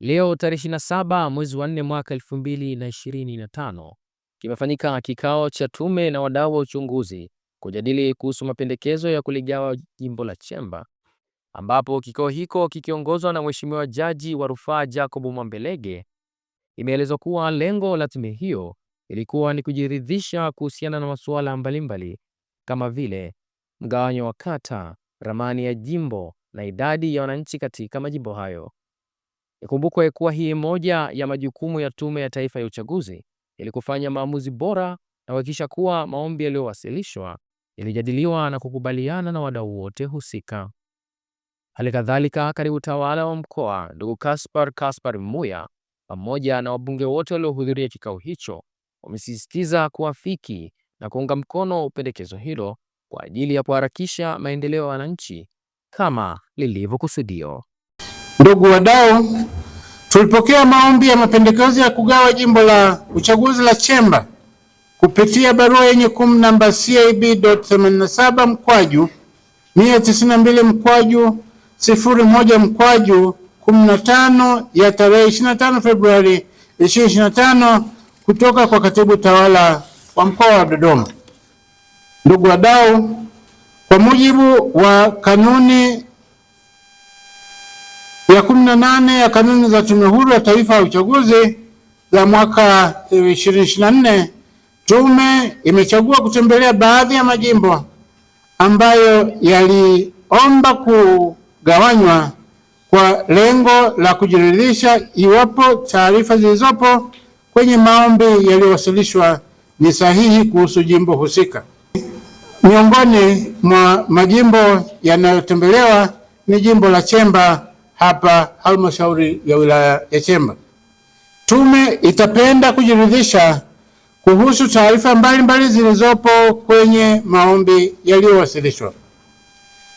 Leo tarehe 27 mwezi wa 4 mwaka 2025 kimefanyika kikao cha tume na wadau wa uchunguzi kujadili kuhusu mapendekezo ya kuligawa jimbo la Chemba, ambapo kikao hiko kikiongozwa na Mheshimiwa Jaji wa Rufaa Jacob Mwambelege, imeelezwa kuwa lengo la tume hiyo ilikuwa ni kujiridhisha kuhusiana na masuala mbalimbali kama vile mgawanyo wa kata, ramani ya jimbo na idadi ya wananchi katika majimbo hayo. Ikumbukwe kuwa hii moja ya majukumu ya Tume ya Taifa ya Uchaguzi ili kufanya maamuzi bora na kuhakikisha kuwa maombi yaliyowasilishwa yalijadiliwa na kukubaliana na wadau wote husika. Hali kadhalika, katibu tawala wa mkoa ndugu Kaspar Kaspar Muya pamoja na wabunge wote waliohudhuria kikao hicho wamesisitiza kuafiki na kuunga mkono pendekezo hilo kwa ajili ya kuharakisha maendeleo ya wananchi kama lilivyokusudiwa. Ndugu wadau, tulipokea maombi ya mapendekezo ya kugawa jimbo la uchaguzi la Chemba kupitia barua yenye kum namba CAB.87 mkwaju 192 mkwaju 01 mkwaju 15 ya tarehe 25 Februari 2025 kutoka kwa katibu tawala wa mkoa wa Dodoma. Ndugu wadau, kwa mujibu wa kanuni ya kumi na nane ya kanuni za Tume Huru ya Taifa ya Uchaguzi za mwaka 2024 e, tume imechagua kutembelea baadhi ya majimbo ambayo yaliomba kugawanywa kwa lengo la kujiridhisha iwapo taarifa zilizopo kwenye maombi yaliyowasilishwa ni sahihi kuhusu jimbo husika. Miongoni mwa majimbo yanayotembelewa ni jimbo la Chemba hapa halmashauri ya wilaya ya Chemba. Tume itapenda kujiridhisha kuhusu taarifa mbalimbali zilizopo kwenye maombi yaliyowasilishwa.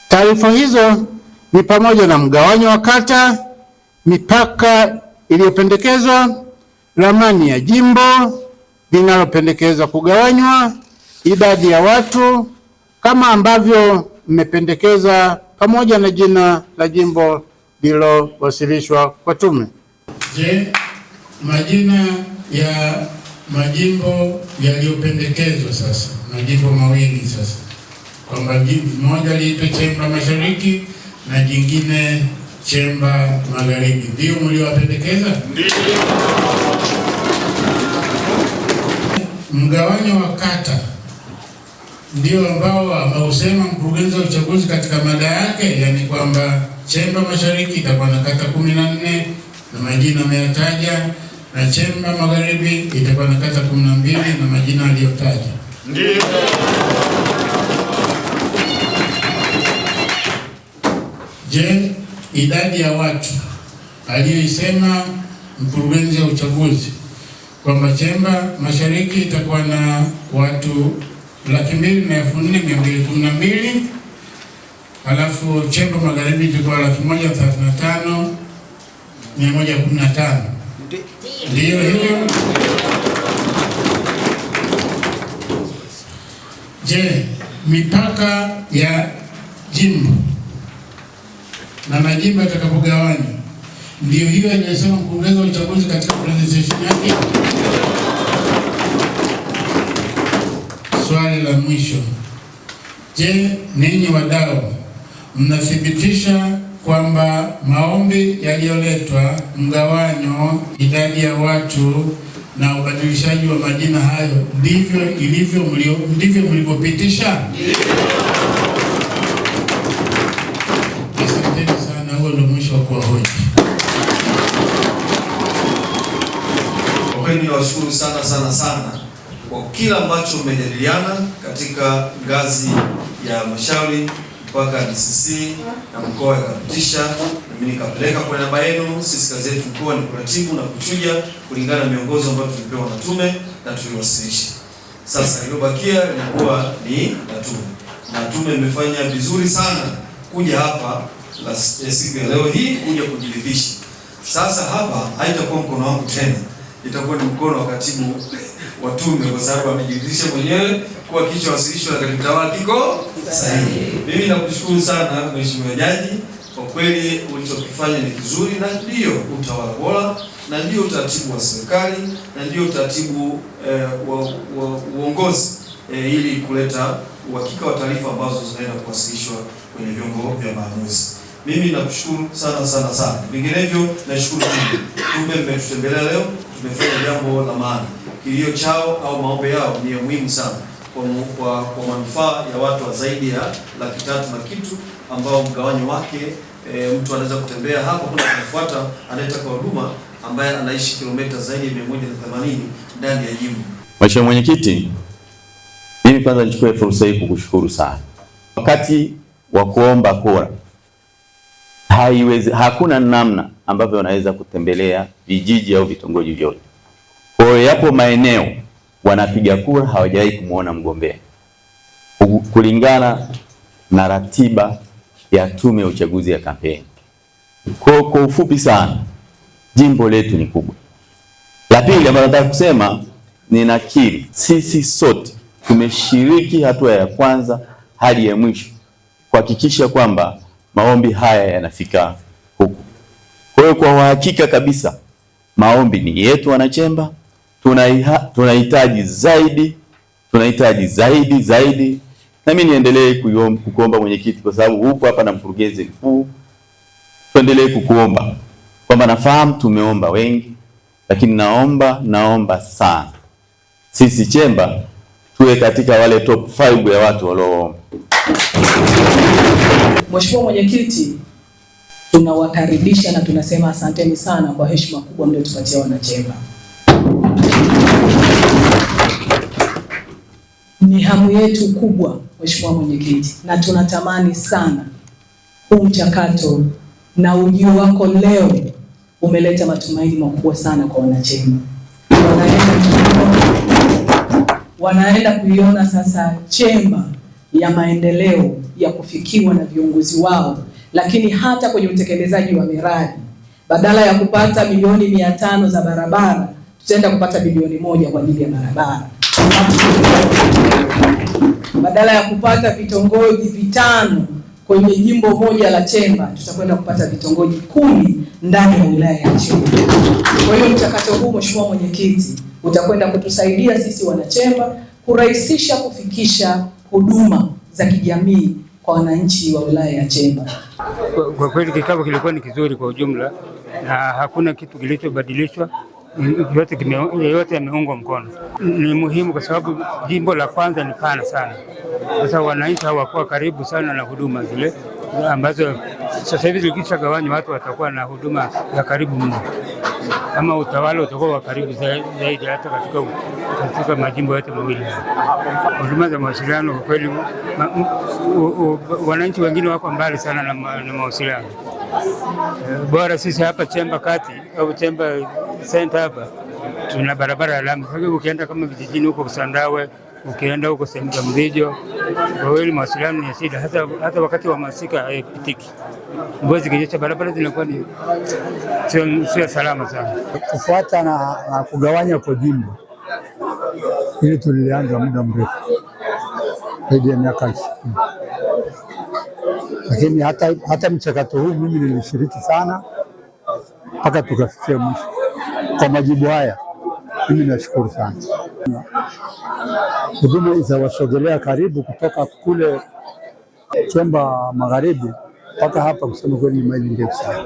Taarifa hizo ni pamoja na mgawanyo wa kata, mipaka iliyopendekezwa, ramani ya jimbo linalopendekezwa kugawanywa, idadi ya watu kama ambavyo mmependekeza, pamoja na jina la jimbo lililowasilishwa kwa tume. Je, majina ya majimbo yaliyopendekezwa sasa, majimbo mawili sasa, kwamba moja liitwe Chemba Mashariki na jingine Chemba Magharibi, ndio mliowapendekeza? Ndio. Mgawanyo wa kata ndio ambao ameusema mkurugenzi wa uchaguzi katika mada yake, yani kwamba Chemba Mashariki itakuwa na kata kumi na nne na majina ameyataja, na Chemba Magharibi itakuwa na kata kumi na mbili na majina aliyotaja. Ndio je, idadi ya watu aliyoisema mkurugenzi wa uchaguzi kwamba Chemba Mashariki itakuwa na watu laki mbili na elfu nne mia mbili kumi na mbili alafu Chemba Magharibi tulikuwa laki moja thelathini na tano mia moja kumi na tano ndiyo hiyo. Je, mipaka ya jimbo na majimbo yatakapogawanywa, ndiyo hiyo inayosema mkurugenzi wa uchaguzi katika presentation yake. swali la mwisho. Je, ninyi wadau mnathibitisha kwamba maombi yaliyoletwa, mgawanyo, idadi ya watu na ubadilishaji wa majina hayo ndivyo ilivyo ndivyo mlivyopitisha? Asanteni sana, huo ndio mwisho wa kuwa hoji. Kwa niwashukuru sana sana sana kwa kila ambacho mmejadiliana katika ngazi ya halmashauri mpaka DCC na mkoa yakapitisha, na mimi nikapeleka kwa namba yenu. Sisi kazi yetu mkoa ni kuratibu na kuchuja kulingana na miongozo ambayo tulipewa na tume na tuliwasilisha. Sasa iliyobakia ilikuwa ni na tume, na tume imefanya vizuri sana kuja hapa la eh, siku ya leo hii kuja kujiridhisha. Sasa hapa haitakuwa mkono wangu tena, itakuwa ni mkono wa katibu watume, kwa sababu amejiridhisha mwenyewe kuwa kichwa wasilisho la mtawa kiko sahihi. Mimi nakushukuru sana mheshimiwa jaji, kwa kweli ulichokifanya ni kizuri, na ndio utawala bora, na ndio utaratibu wa serikali, na ndio utaratibu eh, wa, wa uongozi eh, ili kuleta uhakika wa taarifa ambazo zinaenda kuwasilishwa kwenye vyombo vya maamuzi. Mimi nakushukuru sana sana sana, vinginevyo nashukuru Tume mmetutembelea leo, tumefanya jambo la maana kilio chao au maombi yao ni ya muhimu sana kwa, kwa manufaa ya watu wa zaidi ya laki tatu na kitu ambao mgawanyo wake e, mtu anaweza kutembea hapo kuna kufuata anayetaka huduma ambaye anaishi kilomita zaidi ya 180 ndani ya jimbo. Mheshimiwa Mwenyekiti, mimi kwanza nichukue fursa hii kukushukuru sana. Wakati wa kuomba kura haiwezi, hakuna namna ambavyo unaweza kutembelea vijiji au vitongoji vyote ambayo yapo maeneo wanapiga kura hawajawahi kumwona mgombea kulingana na ratiba ya Tume ya Uchaguzi ya kampeni. Kwa kwa ufupi sana, jimbo letu ni kubwa. La pili ambalo nataka kusema, ninakiri sisi sote tumeshiriki hatua ya kwanza hadi ya mwisho kuhakikisha kwamba maombi haya yanafika huku. Kwa hiyo kwa uhakika kabisa maombi ni yetu wanachemba tunahitaji zaidi, tunahitaji zaidi zaidi. Na mimi niendelee kukuomba mwenyekiti, kwa sababu huko hapa na mkurugenzi mkuu, tuendelee kukuomba kwamba nafahamu tumeomba wengi, lakini naomba naomba sana sisi Chemba tuwe katika wale top 5 ya watu walioomba. Mheshimiwa mwenyekiti, tunawakaribisha na tunasema asanteni sana kwa heshima kubwa mliotupatia Wanachemba. Ni hamu yetu kubwa, Mheshimiwa Mwenyekiti, na tunatamani sana huu mchakato na ujio wako leo umeleta matumaini makubwa sana kwa wanachama. Wanaenda kuiona sasa chemba ya maendeleo ya kufikiwa na viongozi wao, lakini hata kwenye utekelezaji wa miradi, badala ya kupata milioni mia tano za barabara tutaenda kupata bilioni moja kwa ajili ya barabara badala ya kupata vitongoji vitano kwenye jimbo moja la Chemba tutakwenda kupata vitongoji kumi ndani ya wilaya ya Chemba. Kwa hiyo mchakato huu, Mheshimiwa Mwenyekiti, utakwenda kutusaidia sisi wanachemba kurahisisha kufikisha huduma za kijamii kwa wananchi wa wilaya ya Chemba. Kwa kweli kikao kilikuwa ni kizuri kwa ujumla na hakuna kitu kilichobadilishwa yote yameungwa mkono. Ni muhimu kwa sababu jimbo la kwanza ni pana sana. Sasa wananchi hawakuwa karibu sana na huduma zile ambazo sasa hivi gawanywa watu watakuwa na huduma za karibu mno, ama utawala utakuwa wa karibu zaidi, hata katika, katika majimbo yote mawili. Huduma za mawasiliano kwa kweli, wananchi wengine wako mbali sana na, na mawasiliano eh, bora. Sisi hapa Chemba kati au Chemba senta hapa tuna barabara ya lami. Sasa ukienda kama vijijini huko Kusandawe, ukienda huko sehemu za Mrijo, kwa kweli mawasiliano ni shida, hata hata wakati wa masika haipitiki. Mvua zikinyesha barabara zinakuwa ni sio salama sana. Kufuata na, na kugawanya kwa jimbo ili tulianza muda mrefu zaidi ya miaka lakini hata, hata mchakato huu mimi nilishiriki sana mpaka tukafikia mwisho kwa majibu haya, mimi nashukuru sana. Huduma zawasogelea karibu kutoka kule Chemba Magharibi mpaka hapa, kusema kweli ni maili ndefu sana.